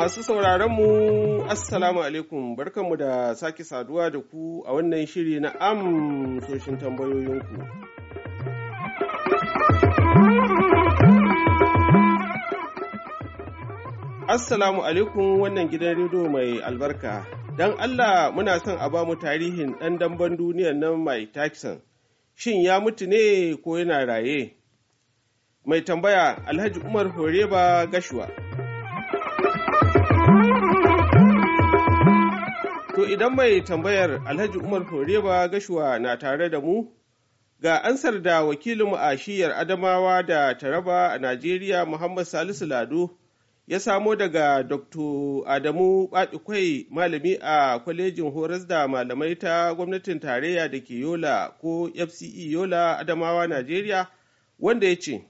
Masu sauraron mu Assalamu alaikum barkanmu da sake saduwa da ku a wannan shiri na amsoshin tambayoyinku. Assalamu alaikum wannan gidan rediyo mai albarka. dan Allah muna son a ba mu tarihin ɗan damben duniyar nan mai Tyson. Shin ya mutu ne ko yana raye? Mai tambaya Alhaji Umar Horeba Gashuwa. To idan mai tambayar Alhaji Umar Horeba Gashuwa na tare da mu ga ansar da wakilinmu a shiyar Adamawa da Taraba a Najeriya Muhammad Salisu Lado ya samo daga Dr. Adamu Baɗikwai malami a kwalejin horas da malamai ta gwamnatin tarayya da ke Yola ko FCE Yola Adamawa Najeriya wanda ya ce.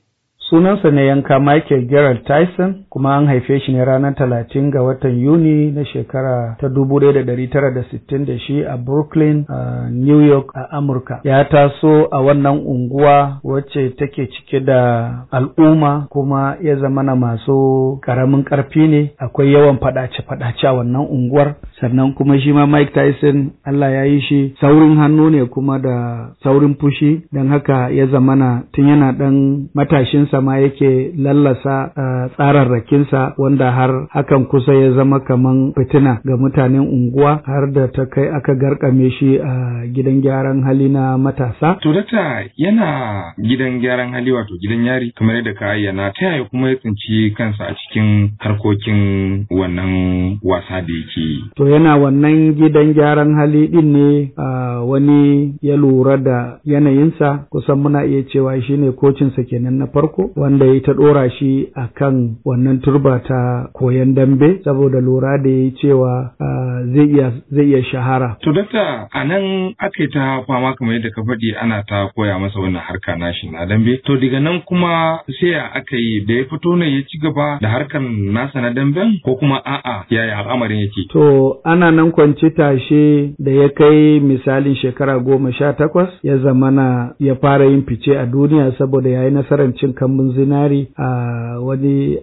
sunansa ne yanka michael gerald tyson kuma an haife shi ne ranar talatin ga watan yuni na shekara ta dubu da da da dari tara sittin shi a brooklyn a new york a amurka ya taso a wannan unguwa wacce take cike da al'umma kuma ya zamana masu karamin karfi ne akwai yawan fadace-fadace a wannan unguwar sannan kuma shi ma mike tyson allah ya yi shi saurin hannu ne kuma da saurin fushi don haka ya zamana tun yana dan matashinsa ma yake lallasa eh, tsararrakinsa wanda har hakan kusa ya zama kaman fitina ga mutanen unguwa har da ta kai aka garkame shi a gidan gyaran hali na matasa. To data yana gidan gyaran hali wato gidan yari kamar yadda ka ayyana ta yaya kuma ya tsinci kansa a cikin harkokin wannan wasa da yake. To yana wannan gidan gyaran hali din ne wani ya lura da yanayinsa kusan muna iya cewa shine kocinsa kenan na farko wanda ya ta ɗora shi a kan wannan turba ta koyan dambe saboda lura da ya cewa zai iya shahara. To dakta a nan aka yi ta fama kamar yadda ka faɗi ana ta koya masa wannan harka nashi na dambe. To daga nan kuma sai aka yi da ya fito ne ya ci gaba da harkar nasa na dambe? ko kuma a'a yaya al'amarin yake. To ana nan kwance tashe da ya kai misalin shekara goma sha takwas ya zamana ya fara yin fice a duniya saboda ya yi nasarar cin kamar. kambun zinari a wani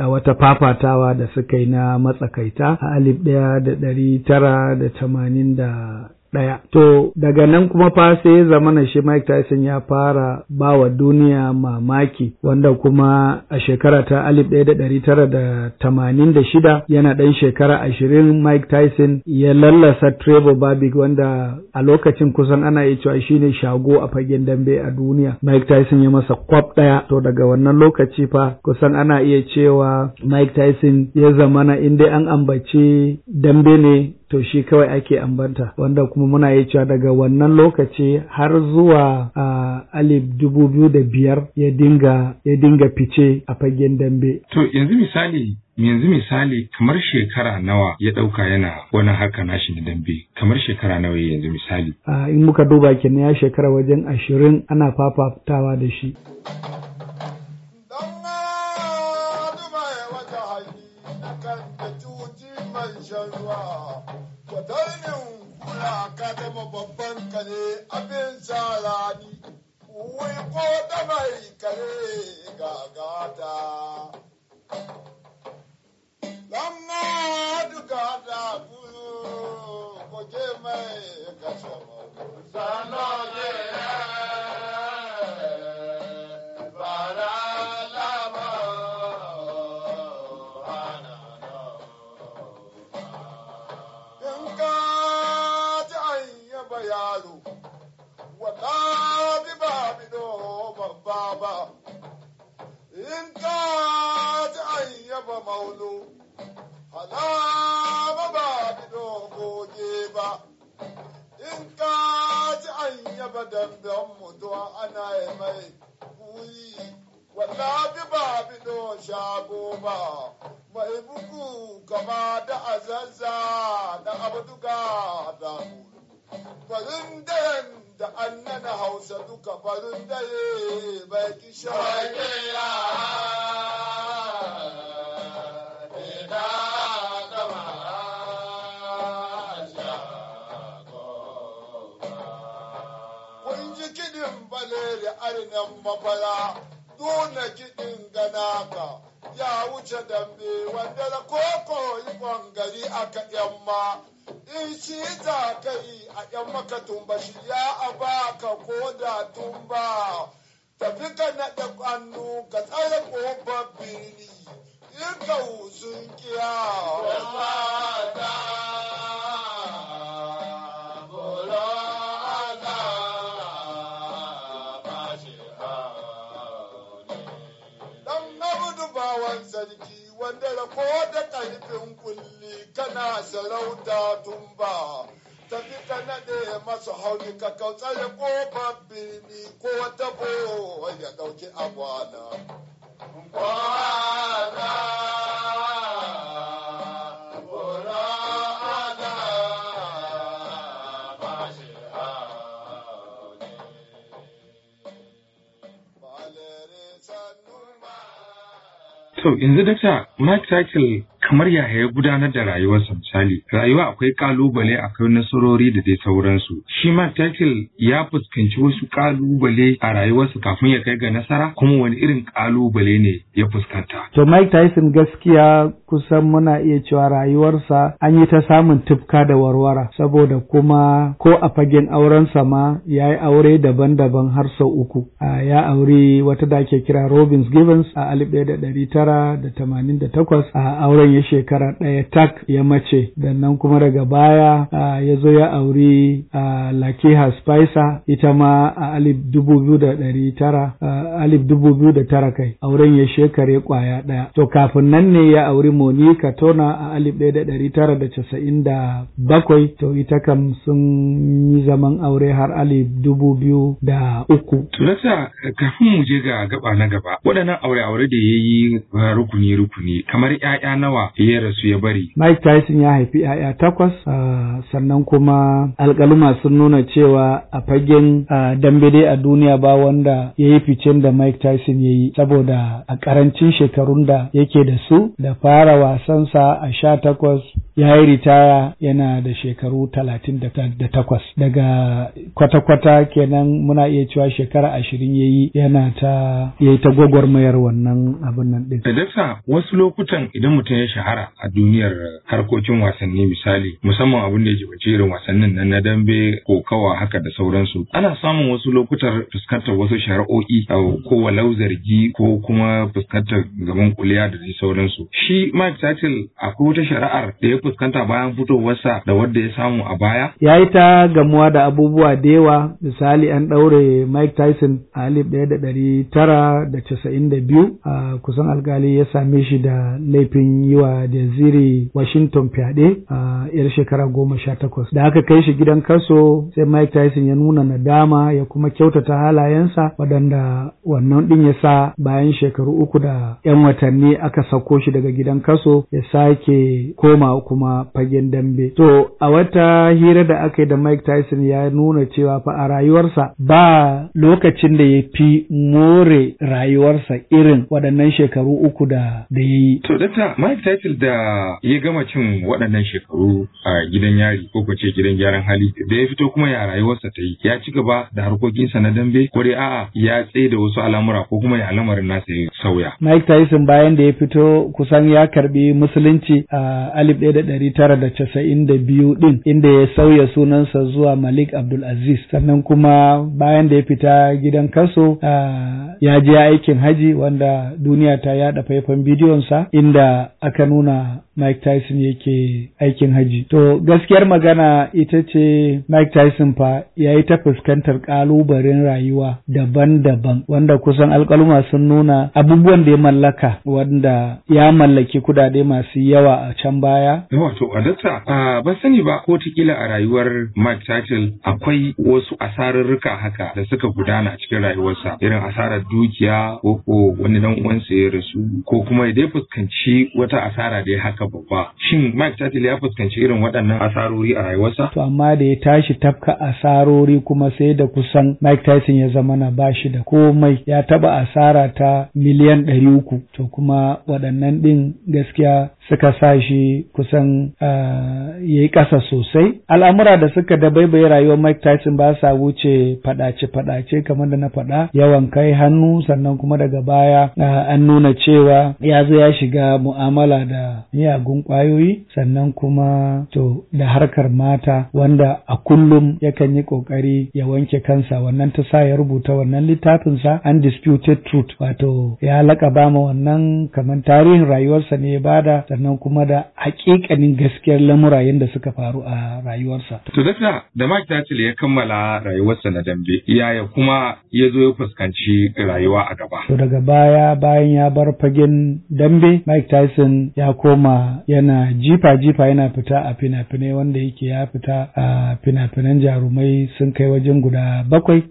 a wata fafatawa da suka yi na matsakaita a alif ɗaya da ɗari tara da tamanin da ɗaya. To daga nan kuma fa sai ya zama na shi Mike Tyson ya fara ba wa duniya mamaki wanda kuma a shekara ta alif ɗaya da ɗari tara da tamanin da shida yana ɗan shekara ashirin Mike Tyson ya lallasa Trevor Babig wanda a lokacin kusan ana iya cewa shine shago a fagen dambe a duniya. Mike Tyson ya masa kwaf ɗaya to daga wannan lokaci fa kusan ana iya cewa Mike Tyson ya zamana in dai an ambaci dambe ne to shi kawai ake ambanta wanda kuma muna yi cewa daga wannan lokaci har zuwa a alif dubu biyu da biyar ya dinga fice a fagen dambe. To yanzu misali yanzu misali kamar shekara nawa ya ɗauka yana wani haka nashi na dambe kamar shekara nawa yanzu misali. A in muka duba kenan ya shekara wajen ashirin ana fafatawa da shi. shalani wai ko da mai kare ka bi babba ba in ka ji an yaba maulu hala ba bi do goge ba in ka ji an yaba damben mutuwa ana yi mai kuyi wallahi ba bi do shago ba mai bugu kama da azazza da abduga da farin da da annana hausa duka farin dare bai ki Kun ji kiɗin baleri arinan mafara, duna kiɗin ganaka. Ya wuce dambe, wanda da koko yi gari aka yamma. in shi za ka yi a ‘yan maka tumba shi ya ba ka ko da tumba tafi ka naɗa ƙannu ka tsaya ƙofar birni in ka wuzun kiya. wanda da ko da ƙarfin kulli. kana sarauta tun ba tafi ka naɗe masu hauni ka kautsar ƙofar birni ko wata bo ya ɗauki agwana. Kwana! To, yanzu dakta Mark Title kamar ya ya gudanar da rayuwarsa misali rayuwa akwai kalubale akwai nasarori da dai sauransu shi ma tekil ya fuskanci wasu kalubale a rayuwarsa kafin ya kai ga nasara kuma wani irin kalubale ne ya fuskanta to Mike Tyson gaskiya kusan muna iya cewa rayuwarsa an yi ta samun tufka da warwara saboda kuma ko a fagen aurensa ma ya yi aure daban-daban har sau uku ya aure wata da ake kira Robins Givens a 1988 a auren ya shekara ɗaya tak ya mace nan kuma daga baya ya zo ya auri lakiha spicer ita ma a alif dubu biyu da tara alif dubu biyu da tara kai auren ya shekare kwaya ɗaya to kafin nan ne ya auri monica tona a alif ɗaya da ɗari tara da casa'in da bakwai to ita kam sun yi zaman aure har alif dubu biyu da uku. Turasa kafin mu je ga gaba na gaba waɗannan aure-aure da ya yi rukuni-rukuni kamar ‘ya'ya nawa ya rasu ya bari. Mike Tyson ya haifi 'ya'ya takwas sannan kuma alkaluma sun nuna cewa a fagen dambe a duniya ba wanda ya yi ficen da Mike Tyson ya yi saboda a karancin shekarun da yake da su da fara wasansa a sha takwas ya yi ritaya yana da shekaru talatin da takwas daga kwata-kwata kenan muna iya cewa shekara ashirin ya yi yana ta yi ta gwagwarmayar wannan abin nan ɗin. Da dasa wasu lokutan idan mutum ya sha. shahara a duniyar harkokin wasanni misali musamman abin da ya jibace irin wasannin nan na dambe ko kawa haka da sauransu ana samun wasu lokutan fuskantar wasu shari'o'i ko walau zargi ko kuma fuskantar gaban kuliya da dai sauransu shi Mike Tyson akwai wata shari'ar da ya fuskanta bayan fitowarsa da wadda ya samu a baya Ya yi ta gamuwa da abubuwa da yawa misali an ɗaure Mike Tyson a alif ɗaya da ɗari tara da casa'in da biyu a kusan alkali ya same shi da laifin yi wa Desire Washington fyaɗe a yar shekara goma sha takwas. Da aka kai shi gidan kaso sai Mike Tyson ya nuna nadama ya kuma kyautata halayensa waɗanda wannan ɗin ya sa bayan shekaru uku da 'yan watanni aka sauko shi daga gidan kaso ya sake koma kuma fagen dambe. To a wata hira da aka yi da Mike Tyson ya nuna cewa fa a rayuwarsa ba lokacin da ya fi more rayuwarsa irin waɗannan shekaru uku da ya yi. Shaifil da ya gama cin waɗannan shekaru a gidan yari ko kuma ce gidan gyaran hali da ya fito kuma ya rayuwarsa ta yi ya ci gaba da harkokinsa na dambe ko dai a'a ya tsaye da wasu al'amura ko kuma ya al'amarin nasa ya sauya. Mike Tyson bayan da ya fito kusan ya karbi musulunci a alif ɗaya da ɗari tara da casa'in da biyu ɗin inda ya sauya sunansa zuwa Malik Abdulaziz sannan kuma bayan da ya fita gidan kaso ya je aikin haji wanda duniya ta yaɗa faifan bidiyonsa inda aka ka nuna Mike Tyson yake aikin haji. To gaskiyar magana ita ce Mike Tyson fa ya yi ta fuskantar ƙalubalen rayuwa daban-daban wanda kusan alkaluma sun nuna abubuwan da ya mallaka wanda ya mallaki kudade masu yawa a can baya. Wato Adasta, a ban sani ba ko tikila a rayuwar Mike Tyson akwai wasu asararruka haka da suka gudana cikin rayuwarsa irin asarar dukiya ko ko wani dan uwansa ya rasu ko kuma ya dai fuskanci wata asara da ya haka babba shin Mike Tatil ya fuskanci irin waɗannan asarori a rayuwarsa to amma da ya tashi tafka asarori kuma sai da kusan Mike Tyson ya zama na bashi da komai ya taba asara ta miliyan ɗari uku to kuma waɗannan ɗin gaskiya suka sa shi kusan eh, ya yi ƙasa sosai. Al'amura da suka da baibaye rayuwar Mike Tyson ba sa wuce faɗace-faɗace kamar da na faɗa yawan kai hannu sannan kuma daga baya eh, an nuna cewa ya zo ya shiga mu'amala da miyagun kwayoyi sannan kuma to da harkar mata wanda a kullum yakan yi ƙoƙari ya wanke kansa wannan ta sa ya rubuta wannan littafinsa Undisputed Truth wato ya laƙaba ma wannan kamar tarihin rayuwarsa ne ya bada sannan kuma da hakikanin gaskiyar lamura yadda suka faru a rayuwarsa. To dakta da Mike Churchill ya kammala rayuwarsa na dambe yaya kuma ya zo ya fuskanci rayuwa a gaba. To daga baya bayan ya bar fagen dambe Mike Tyson ya koma yana jifa-jifa yana fita a fina-finai wanda yake ya fita a fina-finan jarumai sun kai wajen guda bakwai.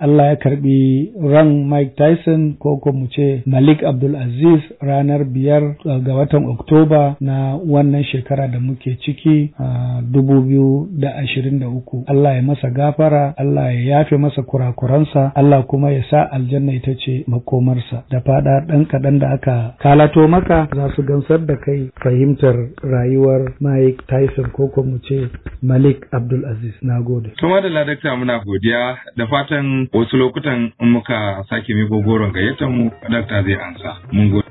Allah ya karbi ran Mike Tyson ko ko mu ce Malik Abdul Aziz ranar biyar ga watan Oktoba. Oktoba na wannan shekara da muke ciki a dubu biyu da ashirin da uku. Allah ya masa gafara, Allah ya yafe masa kurakuransa, Allah kuma ya sa aljanna ita ce makomarsa. Da faɗa ɗan kaɗan da aka kalato maka za su gamsar da kai fahimtar rayuwar Mike Tyson ko kuma ce Malik Abdul Aziz. Na gode. Kuma da ladakta muna godiya da fatan wasu lokutan in muka sake mi gogoron gayyatar mu, dakta zai ansa. Mun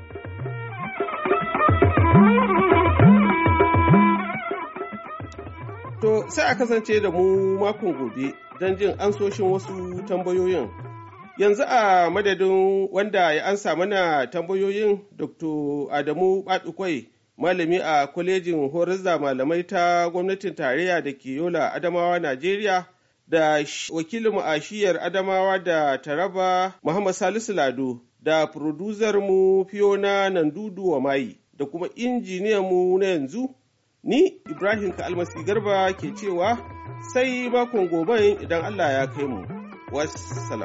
To sai a kasance da mu makon gobe don jin ansoshin wasu tambayoyin. Yanzu a madadin wanda ya ansa mana tambayoyin Dr. Adamu Badukwai, malami a kwalejin horizon malamai ta gwamnatin tarayya da ke Yola Adamawa, Najeriya, da wakilin a shiyar Adamawa da Taraba Muhammad Salisu Lado, da producer mu Fiona Nandudu wa Mai, da kuma injiniyan mu na yanzu Ni Ibrahim Kalmasi Garba ke cewa sai makon gobe idan Allah ya kai mu. Wassalam.